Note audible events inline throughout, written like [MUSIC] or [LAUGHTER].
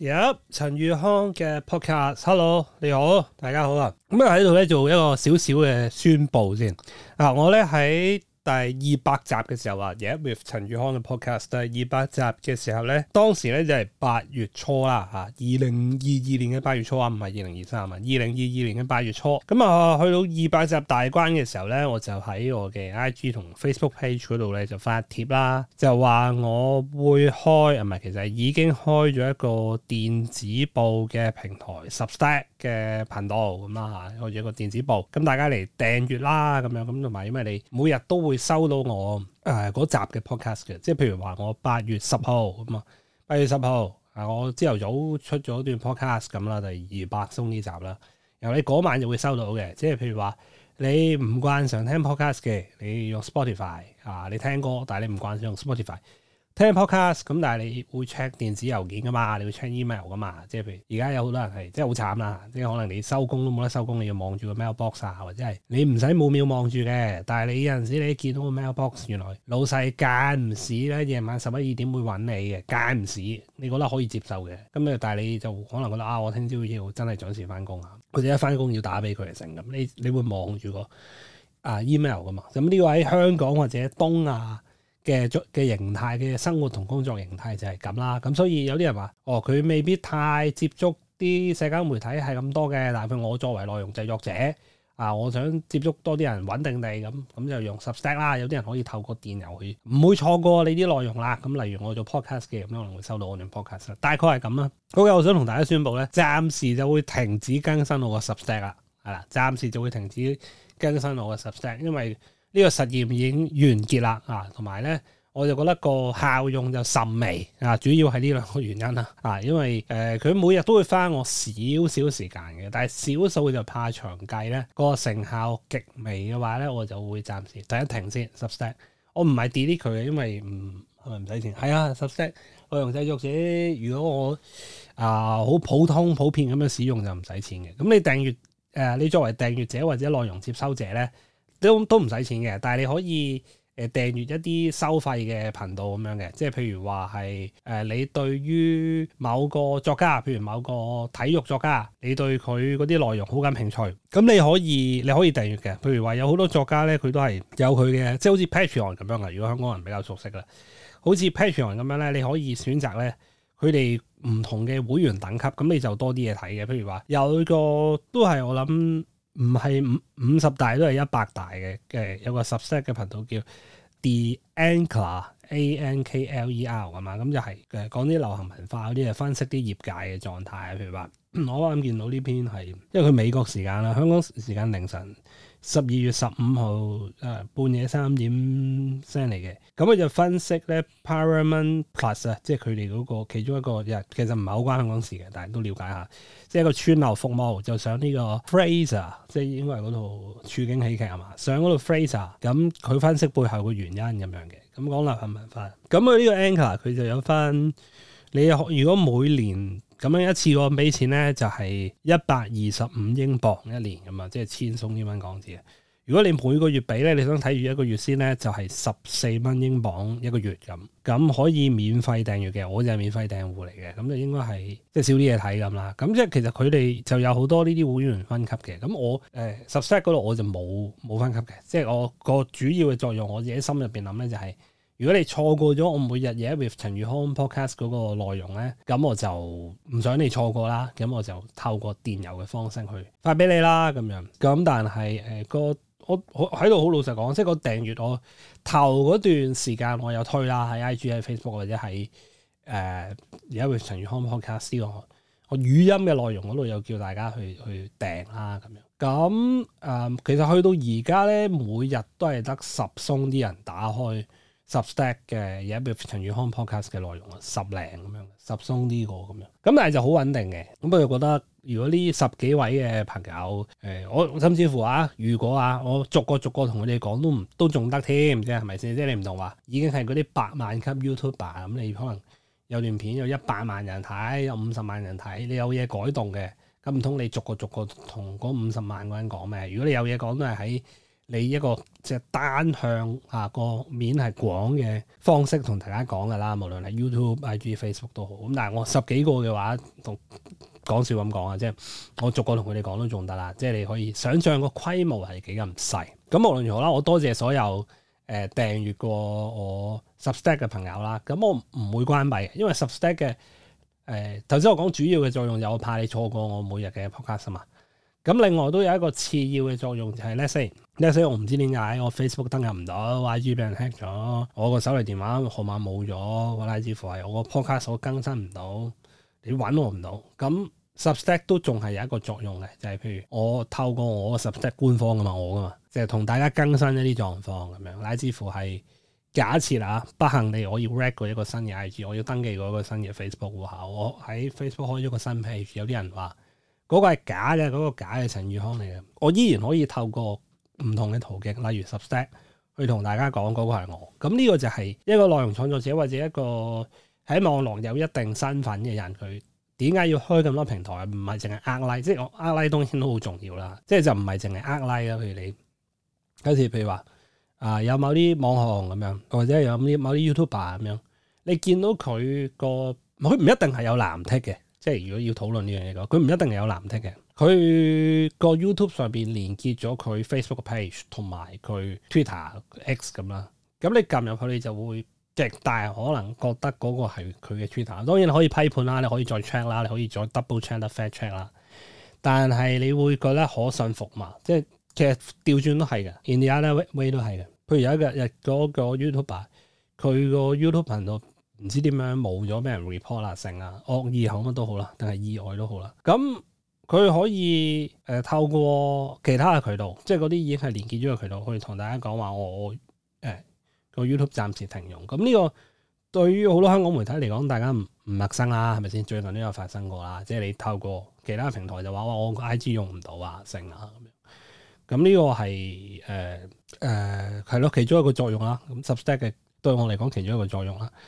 Yep 陳宇康嘅 podcast，Hello，你好，大家好啊！咁啊喺度咧做一個少少嘅宣布先啊，我咧喺。第二百集嘅時候啊，而、yeah, 家 with 陳宇康嘅 podcast 第二百集嘅時候咧，當時咧就係八月初啦吓，二零二二年嘅八月初啊，唔係二零二三啊，二零二二年嘅八月初咁啊，去到二百集大關嘅時候咧，我就喺我嘅 IG 同 Facebook page 度咧就發帖啦，就話我會開啊唔係，其實已經開咗一個電子報嘅平台 Substack 嘅頻道咁啦吓，開咗一個電子報，咁大家嚟訂閱啦咁樣，咁同埋因為你每日都會。收到我誒嗰、啊、集嘅 podcast 嘅，即係譬如話我八月十號咁啊，八月十號啊，我朝頭早出咗段 podcast 咁啦，第二百送呢集啦。然後你嗰晚就會收到嘅，即係譬如話你唔慣常聽 podcast 嘅，你用 Spotify 啊，你聽歌，但係你唔慣常用 Spotify。聽 podcast 咁，但係你會 check 電子郵件噶嘛？你會 check email 噶嘛？即係譬如而家有好多人係，即係好慘啦，即係可能你收工都冇得收工，你要望住個 mail box 啊，或者係你唔使每秒望住嘅，但係你有陣時你見到個 mail box 原來老細間唔時，咧夜晚十一二點會揾你嘅，間唔時，你覺得可以接受嘅，咁咧但係你就可能覺得啊，我聽朝要真係準時翻工啊，佢哋一翻工要打俾佢嚟成咁，你你會望住個啊 email 噶嘛？咁、這、呢個喺香港或者東亞。嘅嘅形態嘅生活同工作形態就係咁啦，咁所以有啲人話，哦，佢未必太接觸啲社交媒體係咁多嘅，但譬如我作為內容製作者啊，我想接觸多啲人穩定地咁，咁就用 Substack 啦，有啲人可以透過電郵去，唔會錯過你啲內容啦。咁例如我做 Podcast 嘅咁，可能會收到我啲 Podcast。大概係咁啦。好嘅，我想同大家宣布咧，暫時就會停止更新我個 Substack 啦，係啦，暫時就會停止更新我個 Substack，因為。呢個實驗已經完結啦，啊，同埋咧，我就覺得個效用就甚微啊，主要係呢兩個原因啦，啊，因為誒佢、呃、每日都會花我少少時間嘅，但係少數就怕長計咧，這個成效極微嘅話咧，我就會暫時第一停先停，Substack，我唔係 delete 佢嘅，因為唔係唔使錢，係啊，Substack 內容製作者，如果我啊好、呃、普通普遍咁樣使用就唔使錢嘅，咁你訂閱誒，你作為訂閱者或者內容接收者咧。都都唔使錢嘅，但係你可以誒訂閲一啲收費嘅頻道咁樣嘅，即係譬如話係誒你對於某個作家，譬如某個體育作家，你對佢嗰啲內容好感興趣，咁你可以你可以訂閲嘅。譬如話有好多作家咧，佢都係有佢嘅，即係好似 Patreon 咁樣嘅。如果香港人比較熟悉啦，好似 Patreon 咁樣咧，你可以選擇咧佢哋唔同嘅會員等級，咁你就多啲嘢睇嘅。譬如話有個都係我諗。唔係五五十大都係一百大嘅，誒有個 Substack 嘅頻道叫 The Ankler A N K L E R 啊嘛，咁就係誒講啲流行文化啲啊，分析啲業界嘅狀態，譬如話我啱啱見到呢篇係，因為佢美國時間啦，香港時間凌晨十二月十五號誒半夜三點 send 嚟嘅，咁佢就分析咧 Parliament Plus 啊，即係佢哋嗰個其中一個，又其實唔係好關係香港事嘅，但係都了解下。即係個串流服務，就上呢個 Fraser，即係因為嗰套處境喜劇係嘛，上嗰度 Fraser，咁佢分析背後嘅原因咁樣嘅，咁講流行文化，咁佢呢個 Anchor 佢就有翻，你如果每年咁樣一次過俾錢咧，就係一百二十五英鎊一年咁嘛，即係千鬆英蚊港紙啊。如果你每個月俾咧，你想睇住一個月先咧，就係十四蚊英鎊一個月咁，咁可以免費訂閱嘅，我就係免費訂戶嚟嘅，咁就應該係即係少啲嘢睇咁啦。咁即係其實佢哋就有好多呢啲會員分級嘅，咁我誒 subscribe 嗰度我就冇冇分級嘅，即係我個主要嘅作用，我自己心入邊諗咧就係、是，如果你錯過咗我每日嘢 with 陳宇康 podcast 嗰個內容咧，咁我就唔想你錯過啦，咁我就透過電郵嘅方式去發俾你啦，咁樣。咁但係誒、呃那個我喺度好老實講，即係個訂閱我頭嗰段時間我有推啦，喺 IG、喺 Facebook 或者喺誒而家會陳宇康 Podcast 我、這個、我語音嘅內容嗰度有叫大家去去訂啦咁樣，咁誒、呃、其實去到而家呢，每日都係得十鬆啲人打開。十 stack 嘅，有一個陳宇康 podcast 嘅內容啊，十零咁樣，十鬆呢個咁樣，咁但係就好穩定嘅。咁不過覺得，如果呢十幾位嘅朋友，誒、哎，我甚至乎啊，如果啊，我逐個逐個同佢哋講都唔都仲得添，即係係咪先？即係你唔同話，已經係嗰啲百萬級 YouTuber 咁你可能有段片有一百萬人睇，有五十萬人睇，你有嘢改動嘅，咁唔通你逐個逐個同嗰五十萬個人講咩？如果你有嘢講，都係喺。你一個即係單向啊個面係廣嘅方式同大家講㗎啦，無論係 YouTube、IG、Facebook 都好。咁但係我十幾個嘅話，講笑咁講啊，即係我逐個同佢哋講都仲得啦。即係你可以想像個規模係幾咁細。咁無論如何啦，我多謝所有誒、呃、訂閱過我 Substack 嘅朋友啦。咁我唔會關閉，因為 Substack 嘅誒、呃、頭先我講主要嘅作用就我怕你錯過我每日嘅 Podcast 啊嘛。咁另外都有一個次要嘅作用就係、是、let’s say，let’s say 我唔知點解我 Facebook 登入唔到，IG 俾人 hack 咗，我個手提電話號碼冇咗，或拉支付係我個 Podcast 更新唔到，你揾我唔到。咁 Substack 都仲係有一個作用嘅，就係、是、譬如我透過我 Substack 官方噶嘛，我噶嘛，就係、是、同大家更新一啲狀況咁樣。拉支付係假設啦、啊，不幸地我要 red 過一個新嘅 IG，我要登記過一個新嘅 Facebook 戶口，我喺 Facebook 開咗個新 page，有啲人話。嗰個係假嘅，嗰、嗰個假嘅陳宇康嚟嘅。我依然可以透過唔同嘅途徑，例如 Substack，去同大家講嗰、嗰個係我。咁呢個就係一個內容創作者或者一個喺網絡有一定身份嘅人，佢點解要開咁多平台？唔係淨係呃 like，即係我呃 like 當然都好重要啦。即係就唔係淨係呃 like 啦。譬如你有時譬如話啊、呃，有某啲網紅咁樣，或者有某啲 YouTuber 咁樣，你見到佢個佢唔一定係有藍剔嘅。即係如果要討論呢樣嘢嘅，佢唔一定係有藍剔嘅。佢個 YouTube 上邊連結咗佢 Facebook page 同埋佢 Twitter X 咁啦。咁你撳入去，你就會極大可能覺得嗰個係佢嘅 Twitter。當然你可以批判啦，你可以再 check 啦，你可以再 double check 啦 fact check 啦。但係你會覺得可信服嘛？即係其實調轉都係嘅，in the other way 都係嘅。譬如有一日嗰、嗰個 YouTuber 佢個 YouTube 頻道，唔知點樣冇咗咩人 report 啦、啊，成啊惡意口乜都好啦，定係意外都好啦。咁、嗯、佢可以誒、呃、透過其他嘅渠道，即係嗰啲已經係連結咗嘅渠道，去同大家講話我誒個、欸、YouTube 暫時停用。咁、嗯、呢、這個對於好多香港媒體嚟講，大家唔唔陌生啦，係咪先？最近都有發生過啦，即係你透過其他平台就話我個 IG 用唔到啊，成啊咁樣。咁、嗯、呢、這個係誒誒係咯其中一個作用啦。咁 Substack 嘅對我嚟講其中一個作用啦。呃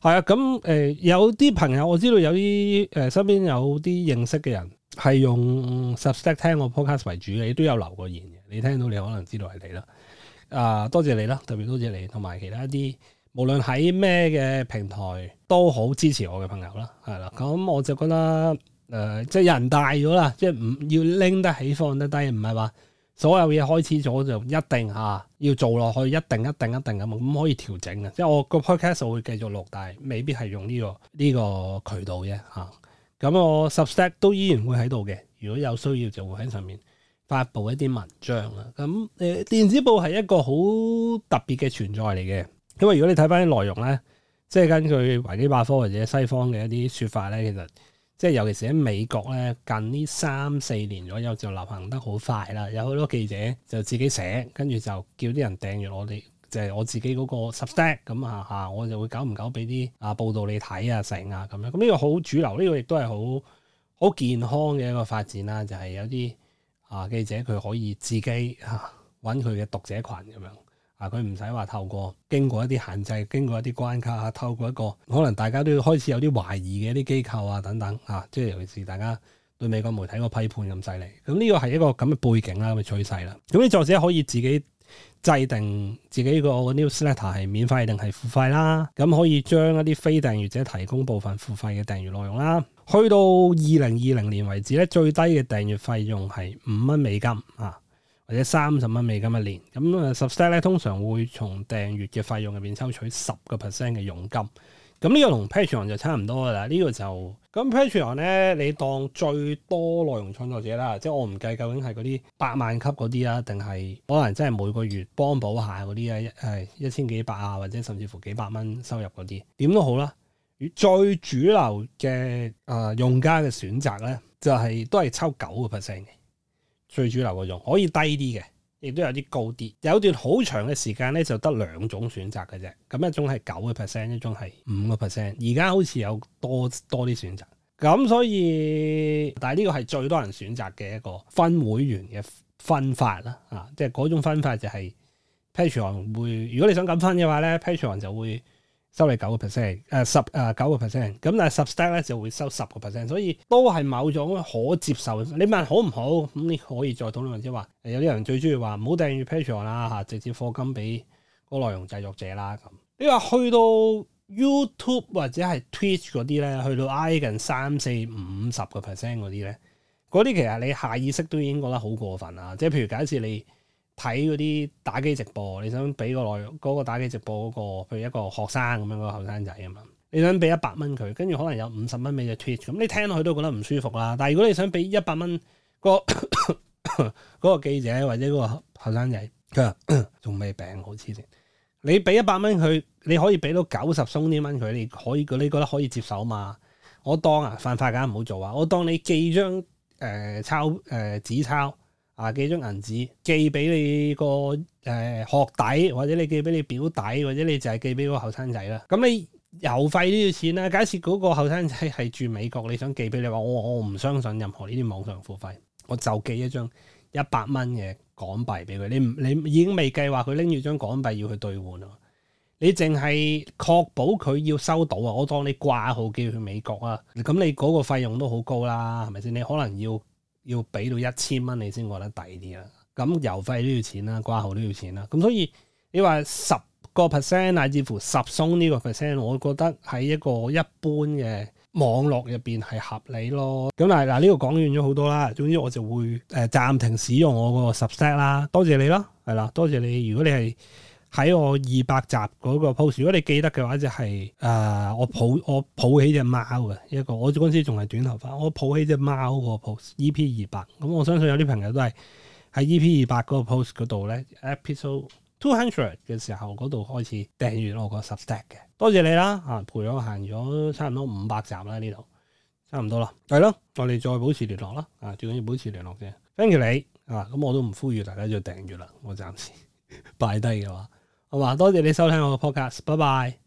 係啊，咁誒、呃、有啲朋友我知道有啲誒、呃、身邊有啲認識嘅人係用 Substack 聽我 Podcast 為主嘅，都有留過言嘅。你聽到你可能知道係你啦，啊、呃、多謝你啦，特別多謝你同埋其他啲，無論喺咩嘅平台都好支持我嘅朋友啦，係啦。咁我就覺得誒、呃，即係人大咗啦，即係唔要拎得起放得低，唔係話。所有嘢開始咗就一定嚇要做落去，一定一定一定咁，咁可以調整嘅。即係我個 podcast 會繼續錄，但係未必係用呢、呢個呢、呢個渠道嘅嚇。咁、啊、我 subscribe 都依然會喺度嘅。如果有需要就會喺上面發布一啲文章啊。咁、嗯、誒，電子報係一個好特別嘅存在嚟嘅，因為如果你睇翻啲內容咧，即係根據維基百科或者西方嘅一啲説法咧，其實。即係尤其是喺美國咧，近呢三四年左右就流行得好快啦。有好多記者就自己寫，跟住就叫啲人訂閱我哋，就係、是、我自己嗰個 substack 咁啊嚇，我就會久唔久俾啲啊報道你睇啊成啊咁樣。咁、嗯、呢、這個好主流，呢、這個亦都係好好健康嘅一個發展啦。就係、是、有啲啊記者佢可以自己嚇揾佢嘅讀者群咁樣。啊！佢唔使話透過經過一啲限制，經過一啲關卡、啊，透過一個可能大家都要開始有啲懷疑嘅一啲機構啊等等啊，即係尤其是大家對美國媒體個批判咁犀利，咁、啊、呢、這個係一個咁嘅背景啦，咁嘅趨勢啦。咁、這、啲、個啊、作者可以自己制定自己個我個 newsletter 係免費定係付費啦，咁、啊啊、可以將一啲非訂閱者提供部分付費嘅訂閱內容啦。啊、去到二零二零年為止咧，最低嘅訂閱費用係五蚊美金啊。或者三十蚊美金一年，咁、嗯、啊 Substack 咧，通常會從訂閱嘅費用入邊抽取十個 percent 嘅佣金，咁、嗯、呢、這個同 Patreon 就差唔多噶啦。呢、這個就咁 Patreon 咧，你當最多內容創作者啦，即係我唔計究竟係嗰啲百萬級嗰啲啊，定係可能真係每個月幫補下嗰啲啊，一係一千幾百啊，或者甚至乎幾百蚊收入嗰啲，點都好啦。最主流嘅啊、呃、用家嘅選擇咧，就係、是、都係抽九個 percent。最主流嗰種可以低啲嘅，亦都有啲高啲。有段好長嘅時間咧，就得兩種選擇嘅啫。咁一種係九個 percent，一種係五個 percent。而家好似有多多啲選擇。咁所以，但係呢個係最多人選擇嘅一個分會員嘅分法啦。啊，即係嗰種分法就係 Patreon 會，如果你想咁分嘅話咧，Patreon 就會，收你九個 percent，誒十誒九個 percent，咁但係 substack 咧就會收十個 percent，所以都係某種可接受。你問好唔好？咁、嗯、你可以再討論下。即係話有啲人最中意話唔好訂閱 Patreon 啦嚇，直接課金俾個內容製作者啦咁。你話去到 YouTube 或者係 Twitch 嗰啲咧，去到挨近三四五十個 percent 嗰啲咧，嗰啲其實你下意識都已經覺得好過分啊！即係譬如假設你。睇嗰啲打機直播，你想俾個內容嗰、嗰個打機直播嗰、嗰個，譬如一個學生咁樣嗰個後生仔咁樣，你想俾一百蚊佢，跟住可能有五十蚊俾隻 Twitch 咁，你聽落去都覺得唔舒服啦。但係如果你想俾一百蚊個嗰、 [COUGHS] 嗰個記者或者嗰個後生仔，佢話仲未病，好黐線。你俾一百蚊佢，你可以俾到九十鬆啲蚊佢，你可以你覺得可以接受嘛？我當啊犯法梗係唔好做啊！我當你寄張誒、呃、抄誒、呃、紙抄。啊寄張銀紙寄俾你個誒、呃、學弟，或者你寄俾你表弟，或者你就係寄俾個後生仔啦。咁你郵費都要錢啦。假設嗰個後生仔係住美國，你想寄俾你，話我我唔相信任何呢啲網上付費，我就寄一張一百蚊嘅港幣俾佢。你唔你已經未計劃佢拎住張港幣要去兌換啊？你淨係確保佢要收到啊？我當你掛號寄去美國啊？咁你嗰個費用都好高啦，係咪先？你可能要。要俾到一千蚊你先覺得抵啲啦，咁郵費都要錢啦，掛號都要錢啦，咁所以你話十個 percent，乃至乎十鬆呢個 percent，我覺得喺一個一般嘅網絡入邊係合理咯。咁嗱嗱呢個講完咗好多啦，總之我就會誒暫、呃、停使用我個十 set 啦，多謝你咯，係啦，多謝你。如果你係喺我二百集嗰個 post，如果你記得嘅話，就係、是、誒、呃、我抱我抱起隻貓嘅一個，我嗰陣時仲係短頭髮，我抱起隻貓個 post E P 二百，咁、嗯、我相信有啲朋友都係喺 E P 二百嗰個 post 嗰度咧，episode two hundred 嘅時候嗰度開始訂閲我個 substack 嘅，多謝你啦嚇、啊，陪我行咗差唔多五百集啦呢度，差唔多啦，係咯，我哋再保持聯絡啦，啊，最緊要保持聯絡啫跟住你啊，咁、嗯、我都唔呼籲大家要訂閲啦，我暫時擺低嘅話。好嘛，多謝你收聽我嘅 podcast，拜拜。